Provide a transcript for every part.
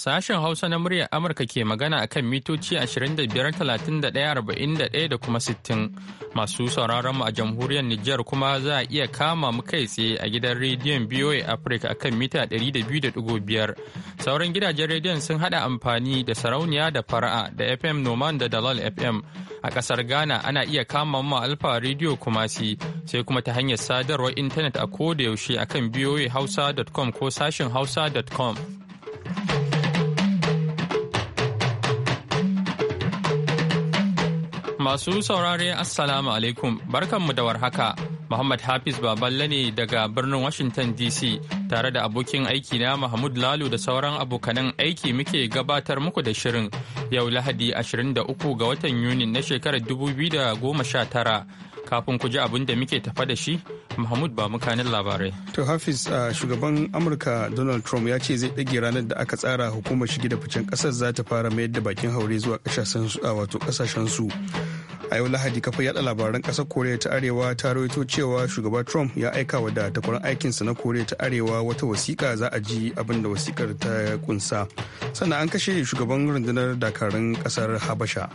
Sashen Hausa na muryar Amurka ke magana a kan mitoci 25,31,41 da kuma 60. Masu sauraron mu a jamhuriyar Nijar kuma za a iya kama mu kai tsaye a gidan rediyon BOA Africa a kan mita 200.5. Sauran gidajen rediyon sun hada amfani da sarauniya da fara'a da FM Noman da Dalal FM. A kasar Ghana ana iya kama mu Alfa Radio Kumasi sai kuma ta hanyar sadarwar intanet a koda yaushe akan boahausa.com ko sashen hausa.com. Masu saurare Assalamu alaikum mu da warhaka. Muhammad Hafiz Baballe ne daga birnin Washington DC tare da abokin aiki na Mahmud Lalu da sauran abokanan aiki muke gabatar muku da shirin yau Lahadi 23 ga watan Yuni na shekarar 2019. Kafin ku ji abin da muke tafa da shi, Mahmud ba mukanin labarai. To Hafiz uh, shugaban Amurka Donald Trump ya ce zai ɗage ranar da aka tsara hukumar shige da ficen ƙasar za ta fara mayar da bakin haure zuwa ƙasashen su. a yau lahadi kafa yada labaran kasar koriya ta arewa ta rawaito cewa shugaba trump ya aika wa da takwaran aikinsa na koriya ta arewa wata wasiƙa za a ji abin da wasiƙar ta kunsa sannan an kashe shugaban rundunar dakarun kasar habasha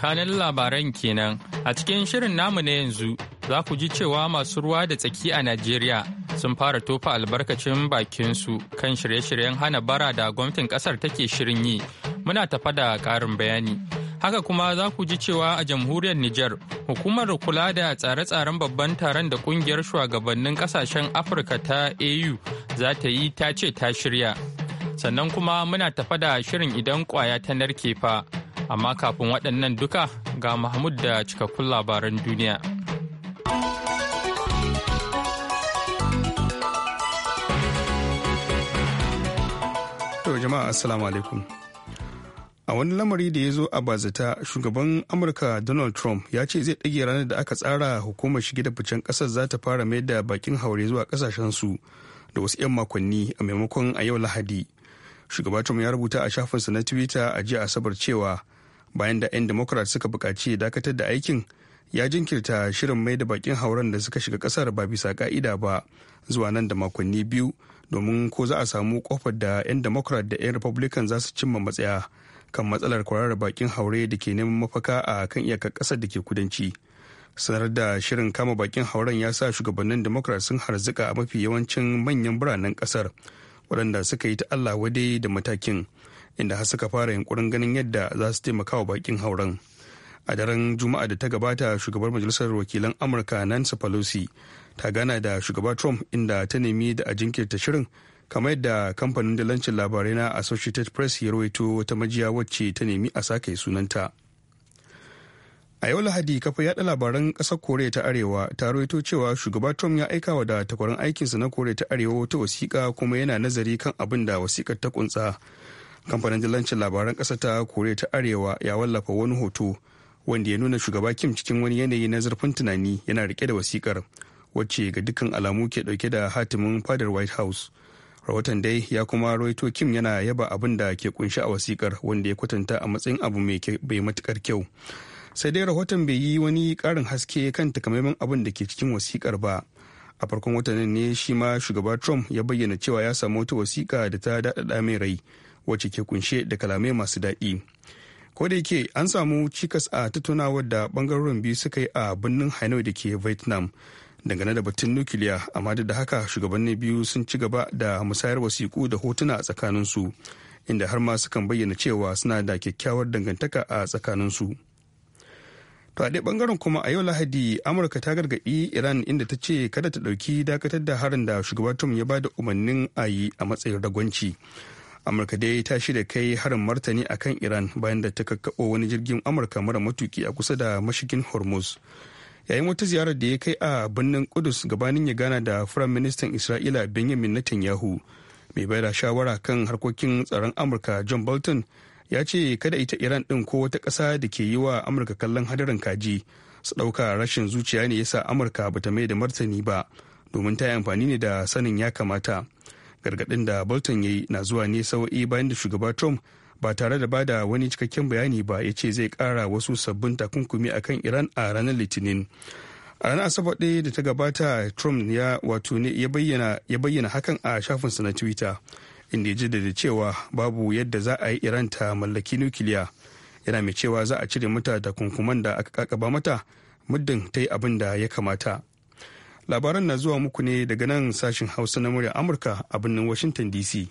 kanin labaran kenan a cikin shirin namu na yanzu za ku ji cewa masu ruwa da tsaki a najeriya sun fara tofa albarkacin su kan shirye-shiryen hana bara da gwamnatin kasar take shirin yi muna tafa da ƙarin bayani Haka kuma za ku ji cewa a jamhuriyar Nijar, hukumar kula da tsare-tsaren babban taron da kungiyar shugabannin kasashen Afirka ta AU za ta yi ta ce ta shirya. Sannan kuma muna tafa da shirin idan kwaya ta narke fa. Amma kafin waɗannan duka ga Mahmud da cikakkun labaran duniya. jama'a assalamu alaikum. a wani lamari da ya zo a bazata shugaban amurka donald trump ya ce zai ɗage ranar da aka tsara hukumar shige da ficen ƙasar za ta fara mai da bakin haure zuwa su da wasu 'yan makonni a maimakon a yau lahadi shugaba trump ya rubuta a shafinsa na twitter a jiya asabar cewa bayan da 'yan democrat suka buƙaci dakatar da aikin ya jinkirta shirin mai da bakin hauren da suka shiga ƙasar ba bisa ka'ida ba zuwa nan da makonni biyu domin ko za a samu kofar da 'yan democrat da 'yan republican za su cimma matsaya kan matsalar kwararar bakin haure da ke neman mafaka a kan iyakar ƙasar da ke kudanci sanar da shirin kama bakin hauren ya sa shugabannin democrat sun harzika a mafi yawancin manyan biranen ƙasar waɗanda suka yi ta allah wadai da matakin inda har suka fara yunkurin ganin yadda za su taimaka wa bakin hauren a daren juma'a da ta gabata shugabar majalisar wakilan amurka nancy pelosi ta gana da shugaba trump inda ta nemi da a jinkirta shirin kamar yadda kamfanin dalancin labarai na associated press ya rawaito wata majiya wacce ta nemi a sake sunanta a yau lahadi kafa yada labaran kasar koriya ta arewa ta rawaito cewa shugaba trump ya aikawa da takwarar aikinsa na koriya ta arewa wata wasiƙa kuma yana nazari kan abin da wasiƙar ta kunsa kamfanin dalancin labaran kasa ta koriya ta arewa ya wallafa wani hoto wanda ya nuna shugaba kim cikin wani yanayi na zurfin tunani yana rike da wasikar wacce ga dukkan alamu ke dauke da hatimin fadar white house rahoton dai ya kuma roito kim yana yaba abin da ke kunshi a wasikar wanda ya kwatanta a matsayin abu mai matukar kyau sai dai rahoton bai yi wani karin haske kan takamaiman abin da ke cikin wasikar ba a farkon watanin ne shi ma shugaba trump ya bayyana cewa ya samu wata wasika da ta daɗaɗa mai rai wacce ke kunshe da kalamai masu daɗi ko da yake an samu cikas a tattaunawar da bangarorin biyu suka yi a birnin hanoi da ke vietnam dangane da batun nukiliya amma duk da haka shugabanni biyu sun ci gaba da musayar wasiku da hotuna a tsakaninsu inda har ma sukan bayyana cewa suna da kyakkyawar dangantaka a tsakaninsu to a dai bangaren kuma a yau lahadi amurka ta gargaɗi iran inda ta ce kada ta ɗauki dakatar da harin da shugaban trump ya bada umarnin a yi a matsayin ragwanci amurka dai ta shirya kai harin martani akan iran bayan da ta kakkaɓo wani jirgin amurka mara matuki a kusa da mashigin hormuz yayin wata ziyarar da ya kai a birnin kudus gabanin ya gana da firaministan ministan isra'ila benjamin netanyahu mai bai da shawara kan harkokin tsaron amurka john bolton ya ce kada ita iran din ko wata ƙasa da ke yi wa amurka kallon hadarin kaji su ɗauka rashin zuciya ne yasa amurka bata mai da martani ba domin ta yi amfani ne da sanin ya kamata gargaɗin da bolton ya yi na zuwa ne sawa'i bayan da shugaba trump ba tare da bada wani cikakken bayani ba ya ce zai kara wasu sabbin takunkumi a kan iran a ranar litinin a ranar asabar ɗaya da ta gabata trump ya wato ne ya bayyana hakan a shafinsa na twitter inda ya jaddada cewa babu yadda za a yi iran ta mallaki nukiliya yana mai cewa za a cire mata takunkuman da aka kakaba mata muddin ta yi abin da ya kamata labaran na zuwa muku ne daga nan sashen hausa na murya amurka a birnin washington dc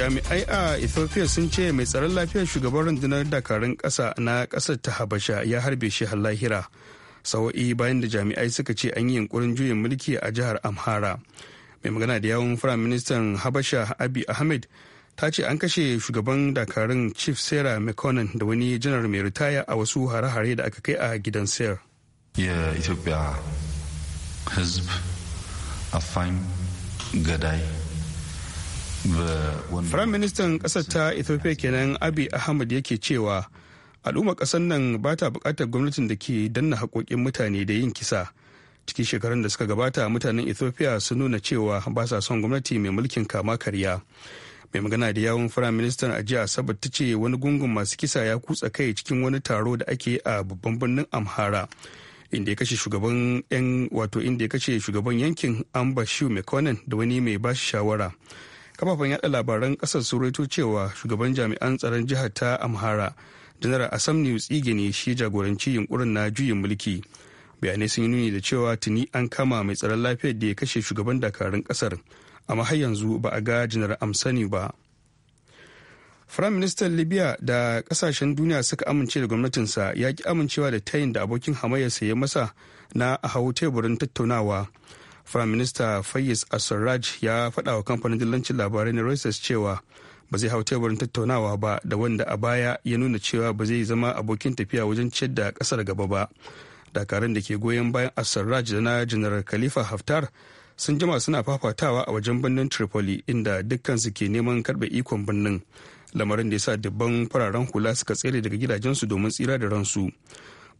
jami'ai a ethiopia sun ce mai tsaron lafiyar shugaban rundunar dakarun kasa na ƙasar ta habasha ya harbe shi lahira sawa'i bayan da jami'ai suka ce an yi yunkurin juyin mulki a jihar amhara mai magana da yawon firayim firaministan habasha abi ahmed ta ce an kashe shugaban dakarun chief sarah mcconnell da wani janar mai ritaya a wasu hare-hare da aka kai a gidan sayar. ethiopia gadai ministan ƙasar ta Ethiopia kenan Abiy Ahmad yake cewa al'ummar ƙasar nan ba ta buƙatar gwamnatin da ke danna haƙoƙin mutane da yin kisa. Cikin shekarun da suka gabata mutanen Ethiopia sun nuna cewa ba sa son gwamnati mai mulkin kama karya. Mai magana da yawun Firaministan a jiya Asabar ta ce wani gungun masu kisa ya kutsa kai cikin wani taro da ake a babban birnin Amhara. inda ya kashe shugaban yan wato inda ya kashe shugaban yankin Amba Shiu da wani mai bashi shawara. kafafen yada labaran kasar sun raito cewa shugaban jami'an tsaron jihar ta amhara janar asam news ne shi jagoranci yunkurin na juyin mulki bayanai sun yi nuni da cewa tuni an kama mai tsaron lafiyar da ya kashe shugaban dakarun kasar amma har yanzu ba a ga janar amsani ba firayim ministan libya da kasashen duniya suka amince da gwamnatinsa ya ki amincewa da tayin da abokin hamayyarsa ya masa na a hau teburin tattaunawa Prime Minister fayez asaraj ya faɗa wa kamfanin dillancin labarai na Reuters cewa ba zai hau teburin tattaunawa ba da wanda a baya ya nuna cewa ba zai zama abokin tafiya wajen ciyar da ƙasar gaba ba dakarun da ke goyon bayan asaraj da na janar khalifa haftar sun jima suna fafatawa a wajen birnin tripoli inda dukkansu ke neman karɓe ikon birnin lamarin da ya sa dubban fararen hula suka tsere daga gidajensu domin tsira da ransu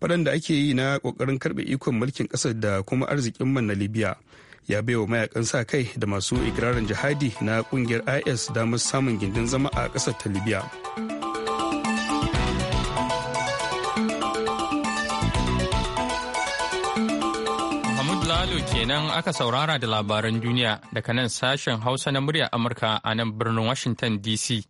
faɗan da ake yi na ƙoƙarin karɓe ikon mulkin ƙasar da kuma arzikin man na libya ya baiwa mayakan sa kai da masu ikirarin jihadi na ƙungiyar is damar samun gindin zama a ƙasar ta libya Lalo kenan aka saurara da labaran duniya daga nan sashen Hausa na murya Amurka a nan birnin Washington DC.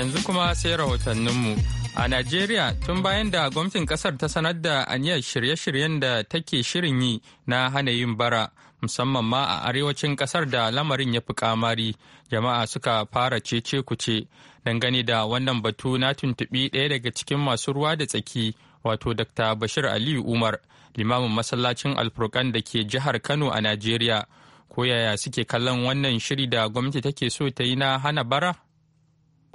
yanzu kuma sai rahotanninmu. A Najeriya tun bayan da gwamnatin kasar ta sanar da aniyar shirye-shiryen da take shirin yi na hana yin bara musamman ma a arewacin kasar da lamarin ya fi kamari jama'a suka fara cece kuce dangane da wannan batu na tuntuɓi ɗaya daga cikin masu ruwa da tsaki wato Dr. Bashir Aliyu Umar limamin masallacin alfurkan da ke jihar Kano a Najeriya ko yaya suke kallon wannan shiri da gwamnati take so ta yi na hana bara?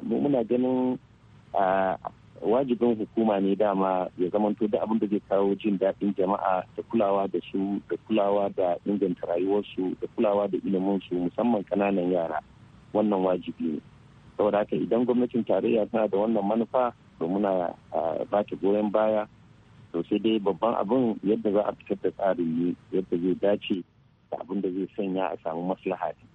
mu muna ganin wajibin hukuma ne dama ya zamanto da abin da zai kawo jin daɗin jama'a da kulawa da su da kulawa da inganta rayuwarsu da kulawa da iliminsu musamman kananan yara wannan wajibi ne saboda haka idan gwamnatin tarayya tana da wannan manufa to muna ba ta goyon baya to sai dai babban abin yadda za a fitar da tsarin ne yadda zai dace da abin da zai sanya a samu maslaha ne.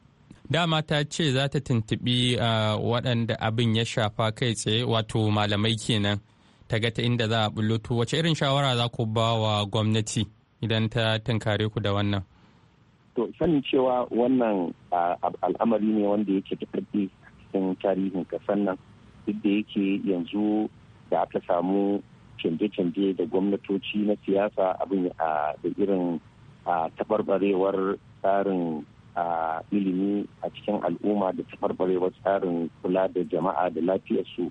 dama ta ce za ta tuntubi ah, waɗanda abin ya shafa kai tsaye wato malamai kenan ta ga ta inda za a bulutu wace irin shawara za ku ba wa gwamnati idan ta tunkare ku da wannan to sanin cewa wannan ah, al'amari ne wanda yake da ƙarfi cikin tarihin ƙasar nan duk da yake yanzu da aka samu canje-canje da gwamnatoci na siyasa abin ah, da irin taɓarɓarewar tsarin a ilimi a cikin al'umma da tafarbarewar tsarin kula da jama'a da lafiyarsu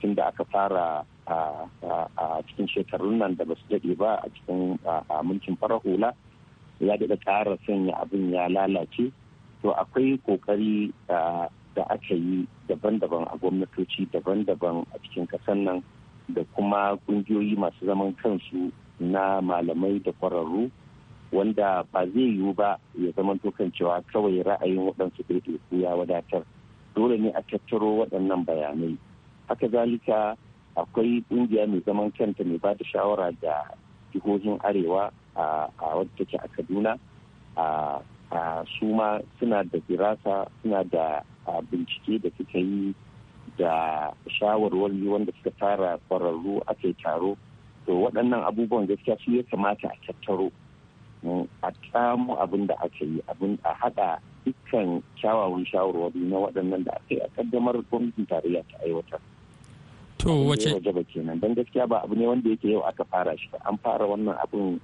tun da aka fara a cikin shekarun nan da ba su daɗe ba a cikin mulkin farar hula ya daɗa ƙara sanya abin ya lalace to akwai ƙoƙari da aka yi daban-daban a gwamnatoci daban-daban a cikin ƙasar nan da kuma ƙungiyoyi masu zaman kansu na malamai da ƙwararru wanda ba zai yiwu ba ya zama kan cewa kawai ra'ayin waɗansu ɗaiɗaiku ya wadatar dole ne a tattaro waɗannan bayanai haka zalika akwai ƙungiya mai zaman kanta mai ba da shawara da jihohin arewa a wadda take a kaduna a su ma suna da firasa suna da bincike da suka yi da shawarwari wanda suka tara kwararru aka yi taro to waɗannan abubuwan gaskiya su ya kamata a tattaro a tsamo abin da aka yi abin a haɗa dukkan kyawawan shawarwari na waɗannan da aka yi a kaddamar gwamnatin tarayya ta aiwatar. To wace? Waje kenan don gaskiya ba abu ne wanda yake yau aka fara shi ba an fara wannan abin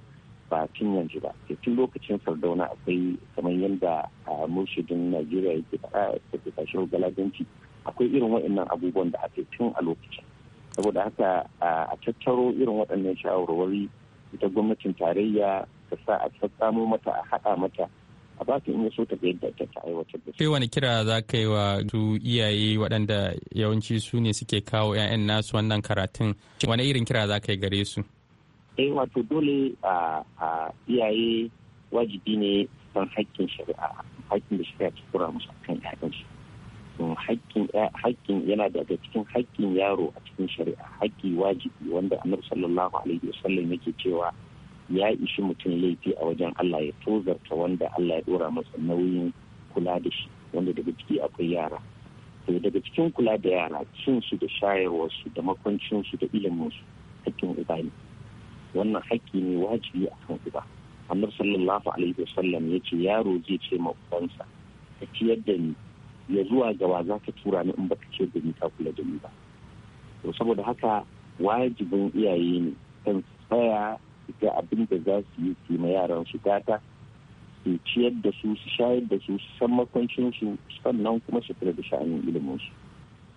ba tun yanzu ba ke tun lokacin sardauna akwai kamar yadda a murshidin najeriya yake faɗa da kashin galadanci akwai irin waɗannan abubuwan da aka tun a lokacin saboda haka a tattaro irin waɗannan shawarwari ita gwamnatin tarayya ta sa a sassamo mata a haɗa mata a ba ta in so ta yadda ta ta aiwatar da shi. wani kira za ka yi wa su iyaye waɗanda yawanci su ne suke kawo 'ya'yan nasu wannan karatun wani irin kira za ka yi gare su? eh wato dole a iyaye wajibi ne san haƙƙin shari'a haƙƙin da shari'a ta kura musu akan 'ya'yansu. haƙƙin yana daga cikin haƙƙin yaro a cikin shari'a haƙƙi wajibi wanda annabi sallallahu alaihi wasallam yake cewa ya ishi mutum laifi a wajen Allah ya tozarta wanda Allah ya dora masa nauyin kula da shi wanda daga ciki akwai yara to daga cikin kula da yara cin su da shayarwarsu da makwancin su da ilimin su hakkin uba ne wannan hakki ne wajibi a kan uba annabi sallallahu alaihi wasallam ya ce yaro zai ce ma ubansa ka ciyar da ni ya zuwa gaba za ka tura ni in baka ciyar da ni ka kula da ni ba to saboda haka wajibin iyaye ne kan tsaya fita ga abin da za su yi kima yaran su gata su ciyar da su su shayar da su su san makwancin su sannan kuma su fita da sha'anin ilimin su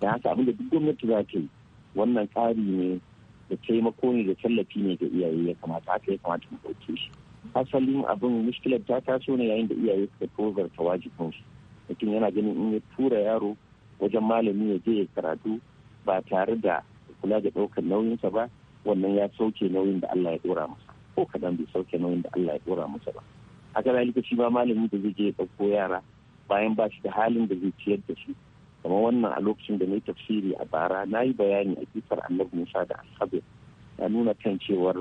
da haka abin da duk gwamnati za ta yi wannan tsari ne da taimako ne da tallafi ne ga iyaye ya kamata haka ya kamata mu ɗauke shi asalin abin mushkilar ta taso ne yayin da iyaye suka wajibin su mutum yana ganin in ya tura yaro wajen malami ya je ya karatu ba tare da kula da ɗaukar nauyinsa ba wannan ya sauke nauyin da Allah ya dora masa ko kadan bai sauke nauyin da Allah ya dora masa ba haka zalika shi ba malamin da zai je ya dauko yara bayan ba shi da halin da zai ciyar da shi kuma wannan a lokacin da na yi tafsiri a bara na yi bayani a kisar annabi musa da ashabir ya nuna kan cewar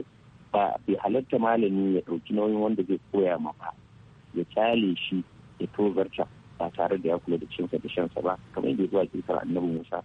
ba bai halarta malami ya ɗauki nauyin wanda zai koya ma ba ya tsale shi ya tozarta ba tare da ya kula da cinsa da shansa ba kamar yadda zuwa kisar annabi musa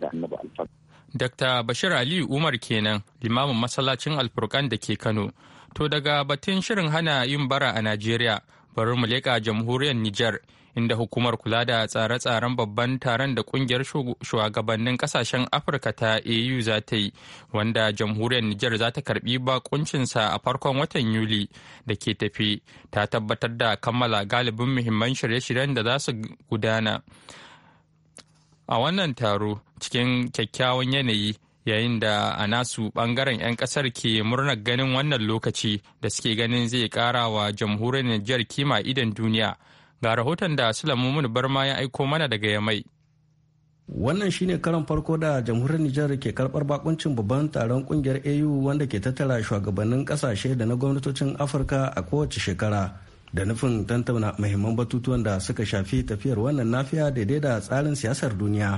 da annabi Alfa. Dr. Bashir ali Umar kenan limamin masallacin alfurkan da ke Kano. To daga batun shirin hana yin bara a Najeriya bari mu leƙa jamhuriyar Nijar inda hukumar kula da tsare-tsaren babban taron da kungiyar shugabannin kasashen Afirka ta AU za ta yi wanda jamhuriyar Nijar za ta karbi bakuncinsa a farkon watan Yuli da ke tafi ta tabbatar da kammala galibin muhimman shirye-shiryen da za su gudana. a wannan taro cikin kyakkyawan yanayi yayin da a nasu bangaren 'yan kasar ke murnar ganin wannan lokaci da suke ganin zai kara wa jamhuriyar Nijar kima idan duniya ga rahoton da Sulaimun Barma ya aiko mana daga Yamai. wannan shine karan farko da jamhuriyar nijar ke karbar bakuncin babban taron kungiyar au wanda ke tattara shugabannin kasashe da na gwamnatocin afirka a kowace shekara da nufin tantauna mahimman batutuwan da suka shafi tafiyar wannan nafiya daidai da tsarin siyasar duniya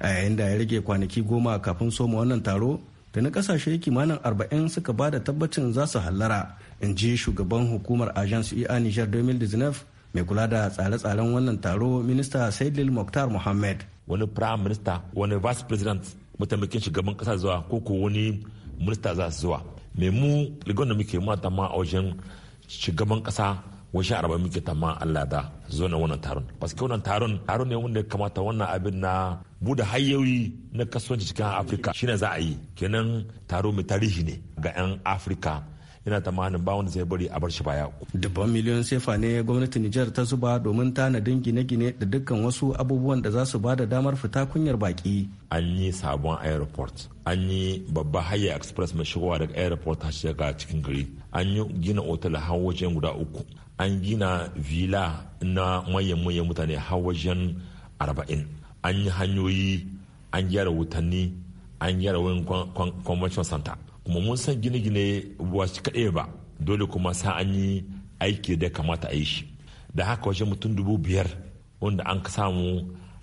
a yayin da ya rage kwanaki goma kafin soma wannan taro da na kasashe kimanin arba'in suka ba da tabbacin za su hallara in ji shugaban hukumar agence ea niger 2019 mai kula da tsare-tsaren wannan taro minista saidil mokhtar mohammed wani prime minister wani vice president mataimakin shugaban kasa zuwa ko ko wani minista za su zuwa mai mu ligon da muke mata ma a wajen shugaban kasa wasu araba muke tamma Allah da zo na wannan taron paske wannan taron taron ne wanda kamata wannan abin na bude hayoyi na kasuwanci cikin Afirka shine za a yi kenan taro mai tarihi ne ga 'yan Afirka yana tamanin ba wanda zai bari a bar shi baya. Dubban miliyon sefa ne gwamnatin Nijar ta zuba domin tanadin gine-gine da dukkan wasu abubuwan da za su ba da damar fita kunyar baki. An yi sabon airport, an yi babba haya express mai shigowa daga airport ta shiga cikin gari. an yi gina otal har wajen guda uku an gina vila na manyan manyan mutane har wajen arba'in an yi hanyoyi an gyara wutanni an gyara wani convention center kuma mun san gine-gine ba shi kaɗai ba dole kuma sa an yi aiki da kamata a yi shi da haka wajen mutum dubu biyar wanda an ka samu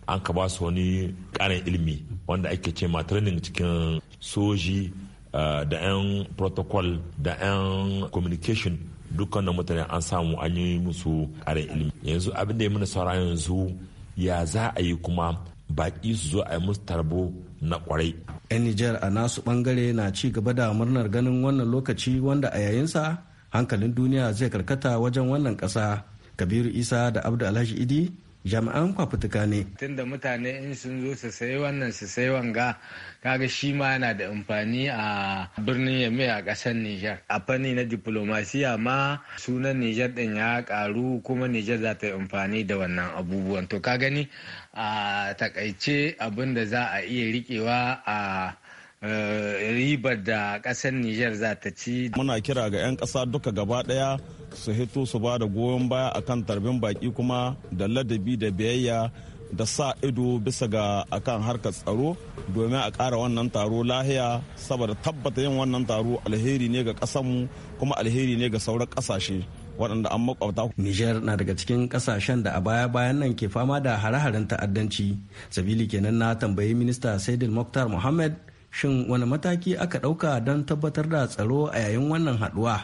an ka ba su wani ƙarin ilimi wanda ake ce ma training cikin soji Ah, da 'yan protocol da 'yan communication dukkan mutane an samu an yi musu ƙarin ilimi yanzu abin da ya mana saura yanzu ya za a yi kuma baƙi su zo a yi musu tarbo na kwarai. 'yan nijar a nasu bangare na ci gaba da murnar ganin wannan lokaci wanda a yayinsa hankalin duniya zai karkata wajen wannan kasa kabiru isa da abdu alhaji idi jami'an kwafutuka ne. Tunda mutane in sun zo su sayi wannan su sayi wanga kaga shi ma yana da amfani a birnin Yame a ƙasar Nijar. A fanni na diplomasiya ma sunan Nijar ɗin ya ƙaru kuma Nijar za ta yi amfani da wannan abubuwan. To ka gani a takaice abin da za a iya riƙewa a Eh, ribar da ƙasar Nijar za ta ci. Muna kira ga 'yan ƙasa duka gaba ɗaya su hito su ba da goyon baya akan tarbin baki kuma da ladabi da biyayya da sa ido bisa ga akan harkar tsaro domin a ƙara wannan taro lahiya saboda tabbata yin wannan taro alheri ne ga ƙasarmu kuma alheri ne ga sauran ƙasashe waɗanda an makwabta. Nijar na daga cikin kasashen da a baya-bayan nan ke fama da hare-haren ta'addanci. Sabili kenan na tambayi minista Saidin Mokhtar Mohamed shin wani mataki aka ɗauka don tabbatar da tsaro a yayin wannan haɗuwa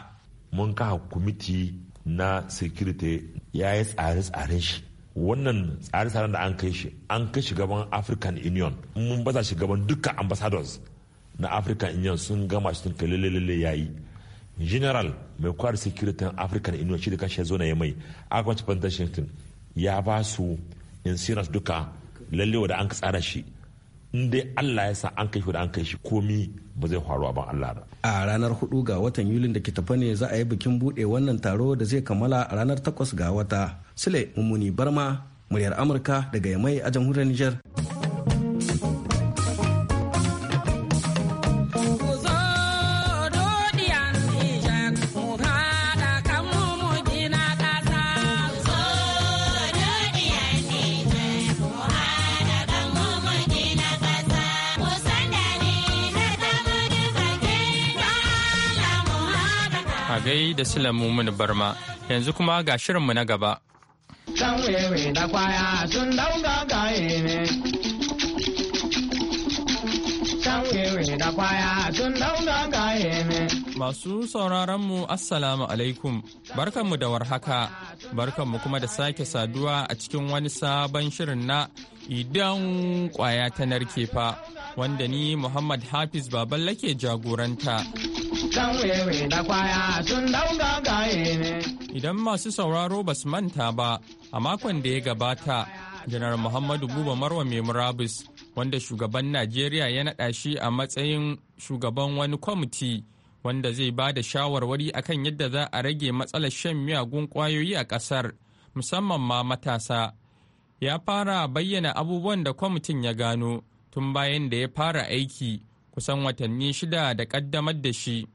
mun kawo kwamiti na security ya yi tsare-tsaren shi wannan tsare-tsaren da an kai shi an kai shugaban african union mun baza gaban duka ambassadors na african union sun gama shi sun kai lele ya yi general mai kwari security african union shi da kashi ya zo ya mai akwai ya ba su insurance duka lalle da an ka tsara shi in dai Allah ya sa an kai shi da an kai shi komi ba zai faru ban Allah ba. A ranar hudu ga watan Yulin da ke tafa ne za a yi bikin buɗe wannan taro da zai kammala a ranar takwas ga wata. Sule Mummuni Barma, muryar Amurka daga Yamai a jamhuriyar Nijar. gai da Silamu Mumuni Barma. Yanzu kuma ga shirinmu na gaba. masu sauraron mu Masu sauraronmu Assalamu alaikum, barkanmu da warhaka, barkanmu kuma da sake saduwa a cikin wani sabon shirin na idan kwaya ta narkefa wanda ni Muhammad Hafiz Baballa ke jagoranta. Idan masu sauraro ba su manta ba, a makon da ya gabata, Janar Muhammadu Buba Marwa mai wanda shugaban Najeriya ya naɗa shi a matsayin shugaban wani kwamiti wanda zai ba da shawarwari akan yadda za a rage matsalar shan miyagun kwayoyi a ƙasar, musamman ma matasa. Ya fara bayyana abubuwan da kwamitin ya gano tun bayan da ya fara aiki kusan watanni shida da ƙaddamar da shi.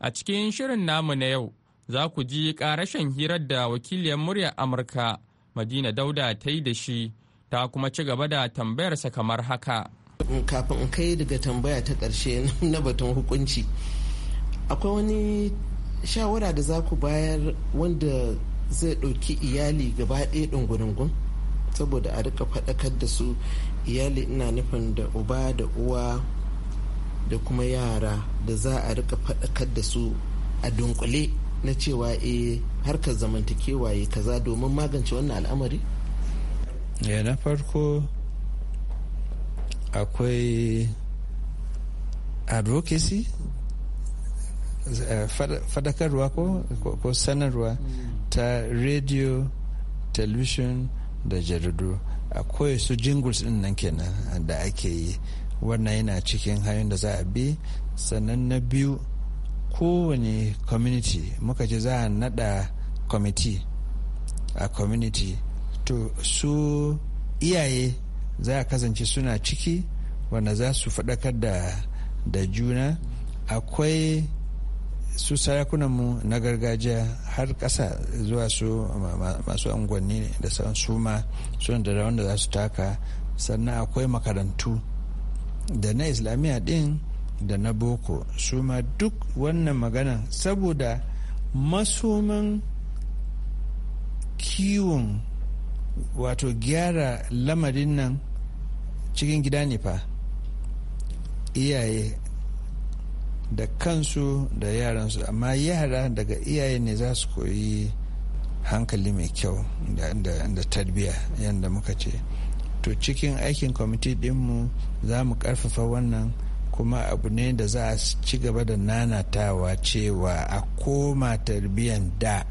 A cikin shirin namu na yau za ku ji ƙarashen hirar da wakiliyar muryar Amurka Madina Dauda ta yi da shi ta kuma ci gaba da tambayarsa kamar haka. Kafin in kai daga tambaya ta ƙarshe na batun hukunci, akwai wani shawara da za ku bayar wanda zai ɗauki iyali gaba ɗaya ɗungurungun saboda a rika faɗakar da su iyali ina nufin da uba da uwa da kuma yara da za a rika faɗakar da su a dunkule na cewa e harkar zamantakewa ya kaza domin magance wannan al'amari? ya na farko akwai advocacy eh, fadakarwa ko sanarwa ta radio television da jaridu akwai su jingles din nan kenan da ake yi wannan yana cikin hanyar da za a bi sannan na biyu kowane community muka ce za a nada committee a community to su iyaye za a kasance suna ciki wanda za su faɗakar da da juna akwai su sarakunanmu na gargajiya har ƙasa zuwa su masu unguwanni da su ma suna da rawan da za su taka sannan akwai makarantu da na islamiyya din da na boko su ma duk wannan magana saboda masoman kiwon wato gyara lamarin nan cikin gida ne fa iyaye da kansu da yaransu amma yara daga iyaye ne za su koyi hankali mai kyau da tarbiyya yadda muka ce to cikin aikin kwamiti dinmu za mu karfafa wannan kuma abu ne da za a ci gaba da nanatawa cewa a koma tarbiyyar da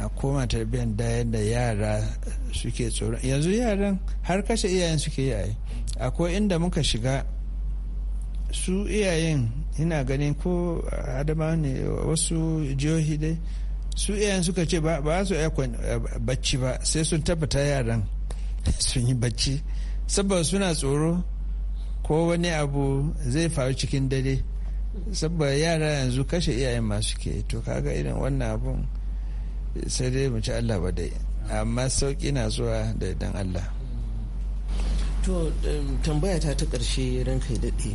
a koma tarbiyyar da yadda yara suke tsoron yanzu yaran har kashe iyayen suke yayi akwai inda muka shiga su iyayen ina ganin ko adama ne wasu jihohi dai su iyayen suka ce ba su iya eh, bacci ba sai sun tabbata yaran sun yi bacci saboda suna tsoro ko wani abu zai faru cikin dare saboda yara yanzu kashe iyayen masu ke to kaga irin wannan abun sai dai mu ci Allah ba dai amma sauki na zuwa da dan Allah to tambaya ta ta karshe ranka ya daɗe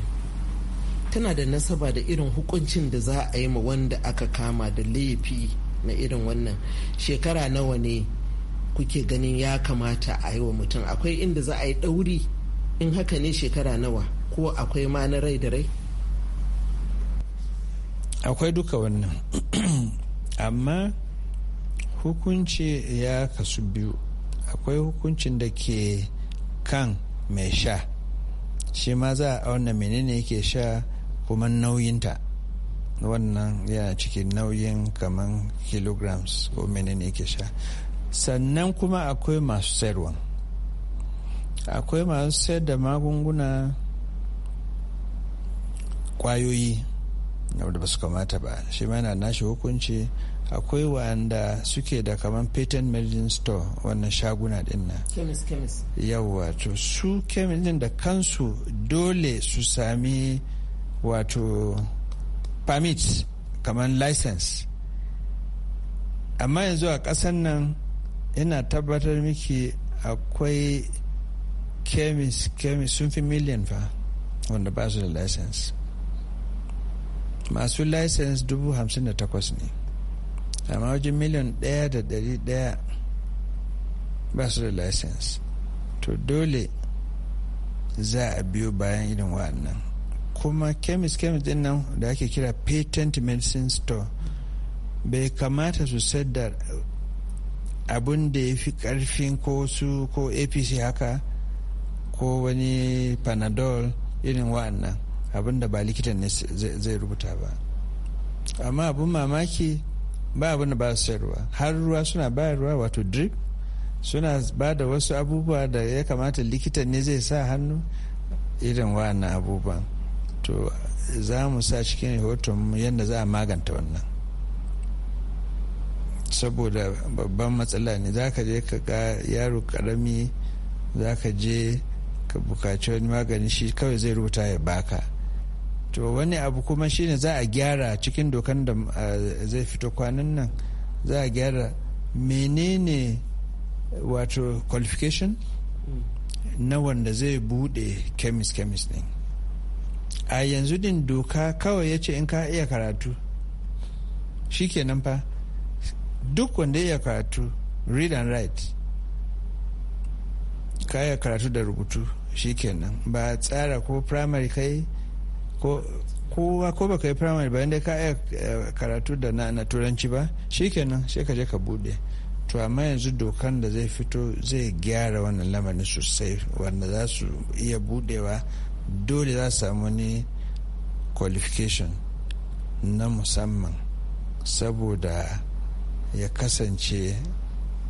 tana da nasaba da irin hukuncin da za a yi ma wanda aka kama da laifi na irin wannan shekara nawa ne kuke ganin ya kamata a yi wa mutum akwai inda za a yi ɗauri in haka ne shekara nawa ko akwai ma na rai da rai akwai duka wannan amma hukunci ya kasu biyu akwai hukuncin da ke kan mai sha shi ma za a auna menene yake sha kuma nauyinta wannan yana cikin nauyin kamar kilograms ko menene ke sha sannan kuma akwai masu sayarwa akwai masu sayar da magunguna kwayoyi da ba su kamata ba shi yana nashi hukunci akwai wanda suke da kamar patent medicine store wannan shaguna din na yawa to su kemis da kansu dole su sami wato permit kamar license amma yanzu a ƙasan nan ina tabbatar miki akwai kemis kemis sun fi miliyan fa wanda ba su da license masu license dubu hamsin da takwas ne amma wajen miliyan ɗaya da ɗari ɗaya ba su da license to dole za a biyo bayan irin waɗannan kuma chemist chemist din nan da ake kira patent medicine store bai kamata su da abun da ya fi karfin ko su ko apc haka ko wani panadol irin wa'annan abun da ba likitan ne zai rubuta ba amma abun mamaki ba abun da ba su sayarwa har ruwa suna bayarwa wato drip suna ba da wasu abubuwa da ya kamata likita ne zai sa hannu irin wa'annan abubuwan to za mu sa cikin rahoton yadda za a maganta wannan saboda babban matsala ne za ka je ka ga yaro karami za ka je ka bukaci wani magani shi kawai zai rubuta ya baka to wani abu kuma shine za a gyara cikin dokan da zai fito kwanan nan za a gyara menene wato qualification mm. na wanda zai bude chemist chemist ne a yanzu din doka kawai ya ce in ka iya karatu shi kenan fa duk wanda iya karatu read and write ka iya karatu da rubutu shi kenan ba tsara ko primary kai ko kowa ko baka yi primary ba inda ka iya eh, karatu da na, na turanci ba shi kenan sai ka je ka bude to amma yanzu dokan da zai fito zai gyara wannan lamarin sosai wanda za su iya budewa dole za samu wani qualification na musamman saboda ya kasance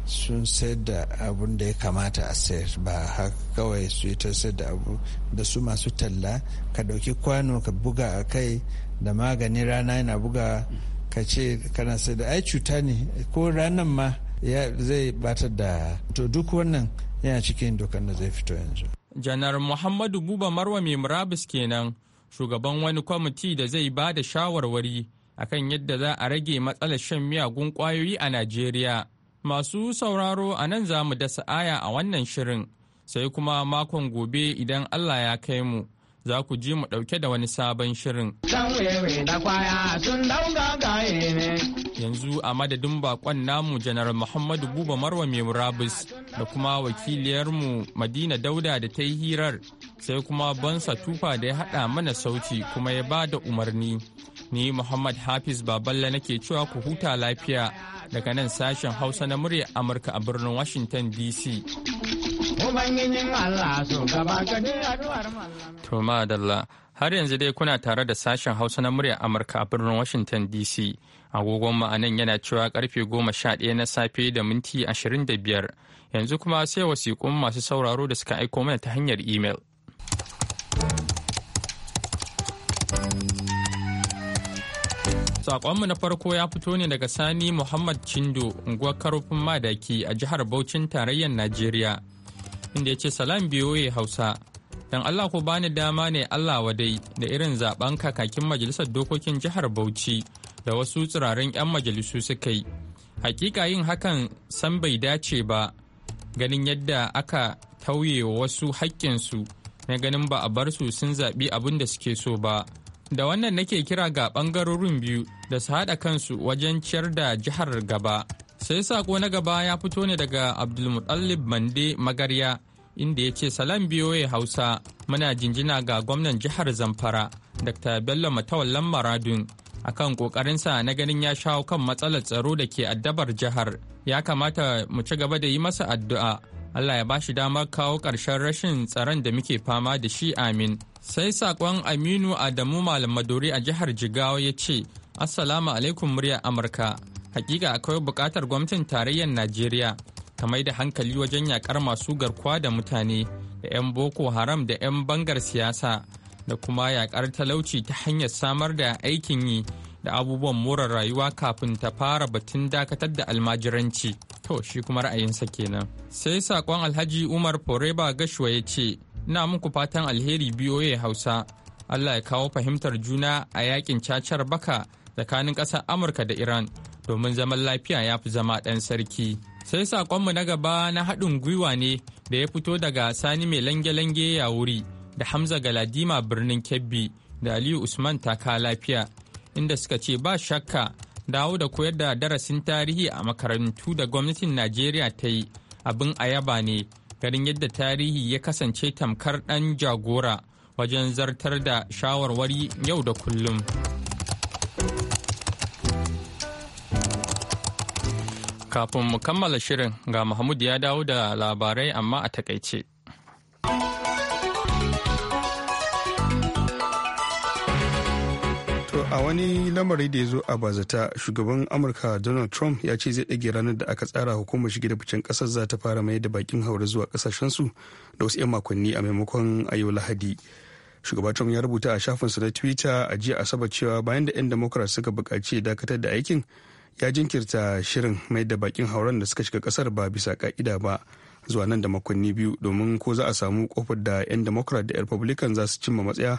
sun sayar da abun da ya kamata a sayar ba haka kawai su yi ta sayar da abu da su masu talla ka ɗauki kwano ka buga a kai da magani rana yana buga ka ce kana sayar da ai cuta ne ko ranan ma zai bata da to duk wannan yana cikin dokar da zai fito yanzu janar muhammadu buba marwa mai murabus kenan shugaban wani kwamiti da zai ba da shawarwari akan yadda za a rage matsalar shan miyagun kwayoyi a najeriya masu sauraro a nan za mu dasa aya a wannan shirin sai kuma makon gobe idan allah ya kai mu za ku ji mu ɗauke da wani sabon shirin. da kwaya sun dauga gaye ne. yanzu a madadin bakon namu janar muhammadu buba marwa mai murabus da kuma wakiliyarmu madina dauda da ta yi hirar sai kuma bansa tufa da ya haɗa mana sauti kuma ya ba da umarni ni muhammad hafiz baballa nake cewa ku huta lafiya daga nan sashen hausa na murya amurka a birnin washington dc Tuma madalla Har yanzu dai kuna tare da sashen Hausa na muryar Amurka a birnin Washington DC. Agogon ma'anan yana cewa karfe goma sha ɗaya na safe da minti ashirin da biyar. Yanzu kuma sai wasiƙun masu sauraro da suka aiko mana ta hanyar imel. Sakonmu na farko ya fito ne daga Sani Muhammad Chindo, unguwar karofin madaki a jihar Bauchin tarayyar Najeriya, inda ya ce salam biyoye Hausa. Dan Allah ku bani dama ne Allah wadai da irin zaben kakakin majalisar dokokin jihar Bauchi da wasu tsirarin 'yan majalisu suka yi. Hakika yin hakan san bai dace ba ganin yadda aka tauye wasu haƙƙinsu na ganin ba a bar su sun zaɓi abin da suke so ba. Da wannan nake kira ga ɓangarorin biyu da su haɗa kansu wajen ciyar da jihar gaba. Sai sako na gaba ya fito ne daga Abdulmutallib Mande Magarya. inda ya ce salam biyoye hausa muna jinjina ga gwamnan jihar zamfara dr bello matawallan maradun akan kokarinsa na ganin ya shawo kan matsalar tsaro da ke addabar jihar ya kamata mu ci gaba da yi masa addu'a allah ya bashi damar kawo ƙarshen rashin tsaron da muke fama da shi amin sai sakon aminu adamu malam maduri a jihar jigawa ya ce assalamu alaikum muryar amurka hakika akwai buƙatar gwamnatin tarayyar najeriya ta mai da hankali wajen yakar masu garkuwa da mutane da 'yan boko haram da 'yan bangar siyasa da kuma yakar talauci ta hanyar samar da aikin yi da abubuwan more rayuwa kafin ta fara batun dakatar da almajiranci to shi kuma ra'ayinsa kenan sai sakon alhaji umar foreba gashuwa ya ce ina muku fatan alheri biyoye hausa allah ya kawo fahimtar juna a yakin cacar baka tsakanin ƙasar amurka da iran domin zaman lafiya ya fi zama ɗan sarki. Sai saƙonmu na gaba na haɗin gwiwa ne da ya fito daga Sani mai lange-lange ya wuri da Hamza Galadima birnin Kebbi da Aliyu Usman taka lafiya inda suka ce ba shakka dawo da koyar da darasin tarihi a makarantu da gwamnatin Najeriya ta yi abin ayaba ne garin yadda tarihi ya kasance tamkar ɗan jagora wajen zartar da shawarwari yau da kullum. Kafin mu kammala shirin ga Mahmud ya dawo da labarai amma a takaice. a wani lamari da ya zo a bazata shugaban amurka donald trump ya ce zai ɗage ranar da aka tsara hukumar shige da ficen ƙasar za ta fara mai da bakin haure zuwa ƙasashensu da wasu 'yan makonni a maimakon a yau lahadi shugaba trump ya rubuta a shafinsa na twitter a jiya asabar cewa bayan da 'yan democrats suka buƙaci dakatar da aikin ya jinkirta shirin mai da bakin hauren da suka shiga kasar ba bisa ka'ida ba zuwa nan da makonni biyu domin ko za a samu kofar da 'yan democrat da republican za su cimma matsaya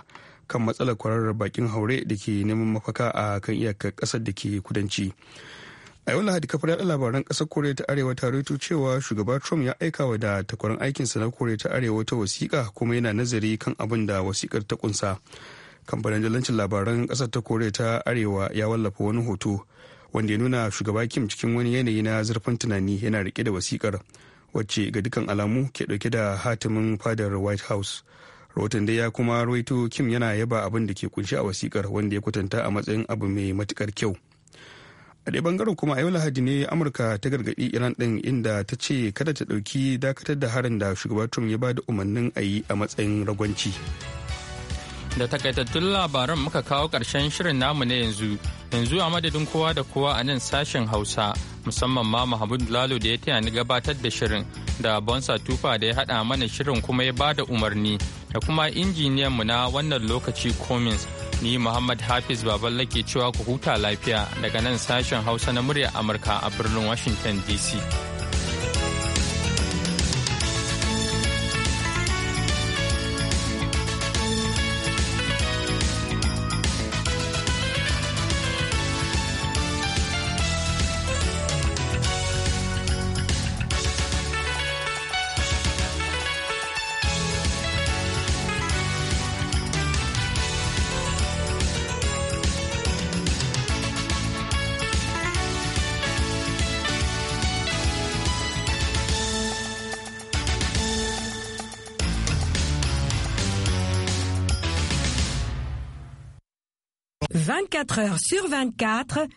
kan matsalar kwararar bakin haure da ke neman mafaka a kan iyakar kasar da ke kudanci a yau lahadi kafar yada labaran kasar koriya ta arewa ta rito cewa shugaba trump ya aika wa da takwarar aikinsa na koriya ta arewa ta wasiƙa kuma yana nazari kan abin da wasiƙar ta kunsa kamfanin dalancin labaran kasar ta koriya ta arewa ya wallafa wani hoto wanda ya nuna shugaba kim cikin wani yanayi na zurfin tunani yana rike da wasikar wacce ga dukkan alamu ke dauke da hatimin fadar white house rahoton dai ya kuma rawaito kim yana yaba abin da ke kunshi a wasikar wanda ya kwatanta a matsayin abu mai matukar kyau a ɗaya bangaren kuma a yau lahadi ne amurka ta gargaɗi iran ɗin inda ta ce kada ta ɗauki dakatar da harin da shugaba trump ya ba da umarnin a yi a matsayin ragwanci da takaitattun labaran muka kawo ƙarshen shirin namu na yanzu yanzu a madadin kowa da kowa a nan sashen hausa musamman ma Muhammadu Lalo da ya taya ni gabatar da shirin da Bonsa Tufa da ya haɗa mana shirin kuma ya ba da umarni da kuma injiniyanmu na wannan lokaci comins ni Muhammad Hafiz baban lake cewa ku huta lafiya daga nan sashen Hausa na muryar Amurka a birnin Washington DC. 4 heures sur 24,